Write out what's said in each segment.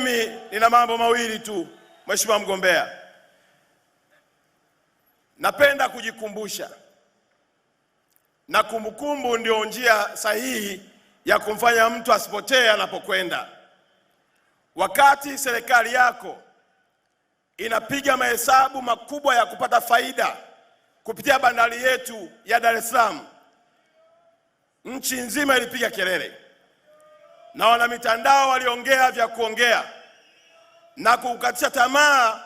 mimi nina mambo mawili tu, Mheshimiwa mgombea, napenda kujikumbusha, na kumbukumbu ndio njia sahihi ya kumfanya mtu asipotee anapokwenda. Wakati serikali yako inapiga mahesabu makubwa ya kupata faida kupitia bandari yetu ya Dar es Salaam, nchi nzima ilipiga kelele na wanamitandao waliongea vya kuongea na kukatisha tamaa,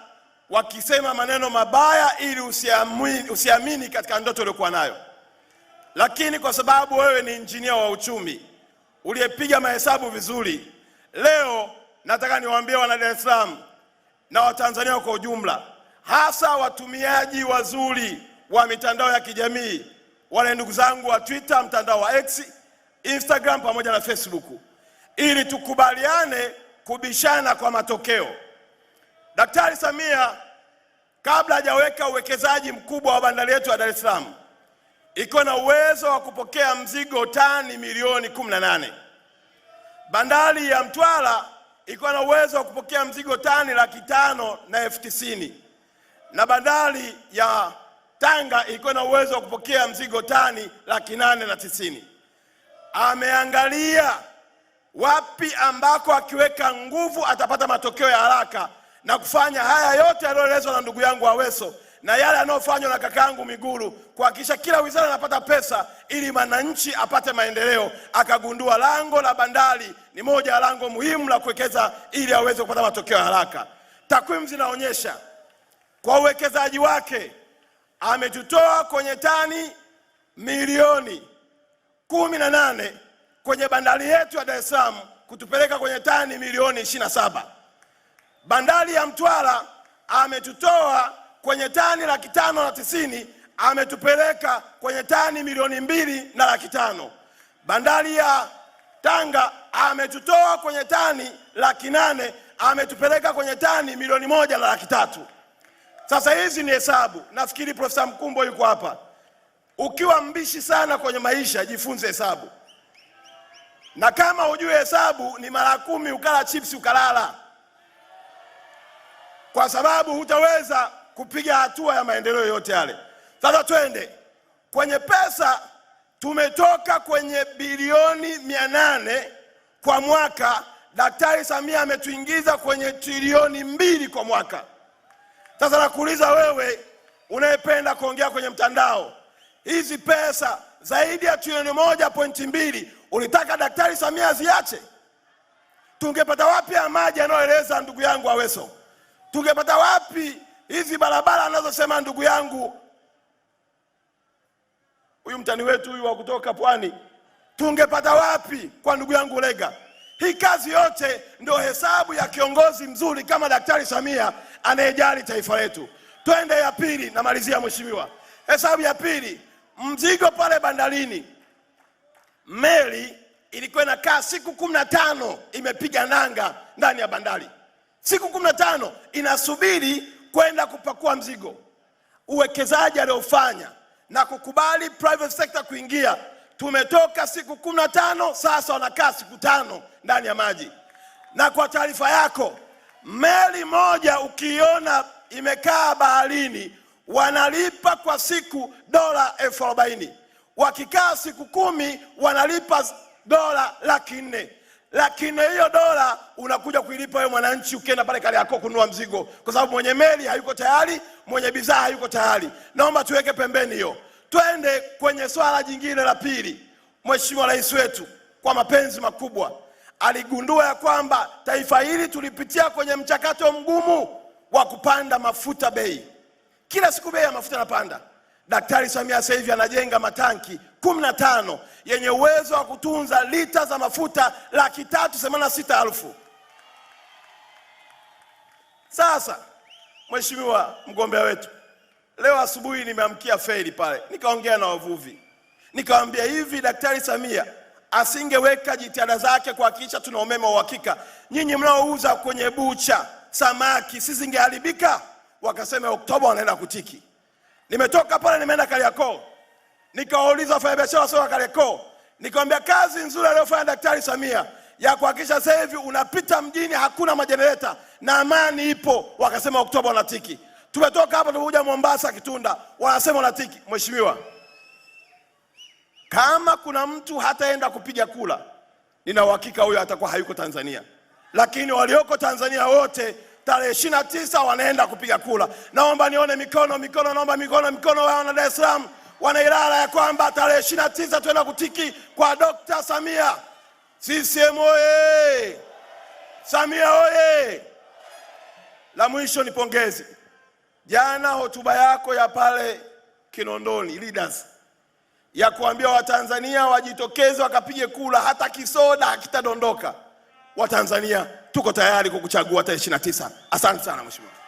wakisema maneno mabaya ili usiamini, usiamini katika ndoto uliokuwa nayo. Lakini kwa sababu wewe ni injinia wa uchumi uliyepiga mahesabu vizuri, leo nataka niwaambie wana Dar es Salaam na Watanzania kwa ujumla, hasa watumiaji wazuri wa mitandao ya kijamii, wale ndugu zangu wa Twitter, mtandao wa X, Instagram pamoja na Facebook ili tukubaliane kubishana kwa matokeo. Daktari Samia kabla hajaweka uwekezaji mkubwa wa bandari yetu ya Dar es Salaam ikiwa na uwezo wa kupokea mzigo tani milioni 18. Bandari ya Mtwara iko na uwezo wa kupokea mzigo tani laki tano na elfu tisini na bandari ya Tanga iko na uwezo wa kupokea mzigo tani laki nane na tisini. Ameangalia wapi ambako akiweka nguvu atapata matokeo ya haraka na kufanya haya yote yaliyoelezwa na ndugu yangu Aweso na yale yanayofanywa na kaka yangu Miguru kuhakikisha kila wizara anapata pesa ili mwananchi apate maendeleo. Akagundua lango la bandari ni moja ya lango muhimu la kuwekeza ili aweze kupata matokeo ya haraka. Takwimu zinaonyesha kwa uwekezaji wake ametutoa kwenye tani milioni kumi na nane kwenye bandari yetu ya Dar es Salaam kutupeleka kwenye tani milioni ishirini na saba. Bandari ya Mtwara ametutoa kwenye tani laki tano na tisini ametupeleka kwenye tani milioni mbili na laki tano. Bandari ya Tanga ametutoa kwenye tani laki nane ametupeleka kwenye tani milioni moja na laki tatu. Sasa hizi ni hesabu, nafikiri Profesa Mkumbo yuko hapa. Ukiwa mbishi sana kwenye maisha, jifunze hesabu na kama hujui hesabu ni mara kumi ukala chipsi ukalala, kwa sababu hutaweza kupiga hatua ya maendeleo yote yale. Sasa twende kwenye pesa. Tumetoka kwenye bilioni mia nane kwa mwaka, Daktari Samia ametuingiza kwenye trilioni mbili kwa mwaka. Sasa nakuuliza wewe unayependa kuongea kwenye mtandao, hizi pesa zaidi ya trilioni moja pointi mbili Ulitaka Daktari Samia ziache? Tungepata wapi ya maji anayoeleza ndugu yangu Aweso? Tungepata wapi hizi barabara anazosema ndugu yangu huyu mtani wetu huyu wa kutoka Pwani? Tungepata wapi kwa ndugu yangu Lega? Hii kazi yote ndio hesabu ya kiongozi mzuri kama Daktari Samia anayejali taifa letu. Twende ya pili, namalizia mheshimiwa. Hesabu ya pili, mzigo pale bandarini meli ilikuwa inakaa siku kumi na tano imepiga nanga ndani ya bandari, siku kumi na tano inasubiri kwenda kupakua mzigo. Uwekezaji aliofanya na kukubali private sector kuingia, tumetoka siku kumi na tano sasa wanakaa siku tano ndani ya maji. Na kwa taarifa yako, meli moja ukiona imekaa baharini wanalipa kwa siku dola elfu arobaini wakikaa siku kumi wanalipa dola laki nne. Laki nne hiyo dola unakuja kuilipa wewe mwananchi, ukienda pale kale yako kununua mzigo, kwa sababu mwenye meli hayuko tayari, mwenye bidhaa hayuko tayari. Naomba tuweke pembeni hiyo, twende kwenye swala jingine la pili. Mheshimiwa Rais wetu kwa mapenzi makubwa aligundua ya kwamba taifa hili tulipitia kwenye mchakato mgumu wa kupanda mafuta bei, kila siku bei ya mafuta inapanda. Daktari Samia sasa hivi anajenga matanki kumi na tano yenye uwezo wa kutunza lita za mafuta laki tatu themanini na sita elfu. Sasa mheshimiwa mgombea wetu, leo asubuhi nimeamkia feri pale, nikaongea na wavuvi, nikawaambia hivi, Daktari Samia asingeweka jitihada zake kuhakikisha tuna umeme wa uhakika, nyinyi mnaouza kwenye bucha samaki sizingeharibika? Wakasema Oktoba wanaenda kutiki Nimetoka pale nimeenda Kariakoo, nikawauliza wafanyabiashara biashara wa Kariakoo, nikamwambia kazi nzuri aliyofanya Daktari Samia ya kuhakikisha sasa hivi unapita mjini hakuna majenereta na amani ipo. Wakasema Oktoba unatiki. Tumetoka hapa tumekuja Mombasa Kitunda, wanasema unatiki. Mheshimiwa, kama kuna mtu hataenda kupiga kula, nina uhakika huyo atakuwa hayuko Tanzania, lakini walioko Tanzania wote tarehe ishirini na tisa wanaenda kupiga kura. Naomba nione mikono, mikono, naomba mikono, mikono wa wana Dar es Salaam, wana Ilala, ya kwamba tarehe ishirini na tisa tuenda kutiki kwa Dokta Samia. CCM oye! Samia oye! La mwisho ni pongezi. Jana hotuba yako ya pale Kinondoni leaders ya kuambia Watanzania wajitokeze wakapige kura, hata kisoda hakitadondoka Watanzania tuko tayari kukuchagua tarehe 29. Asante sana mheshimiwa.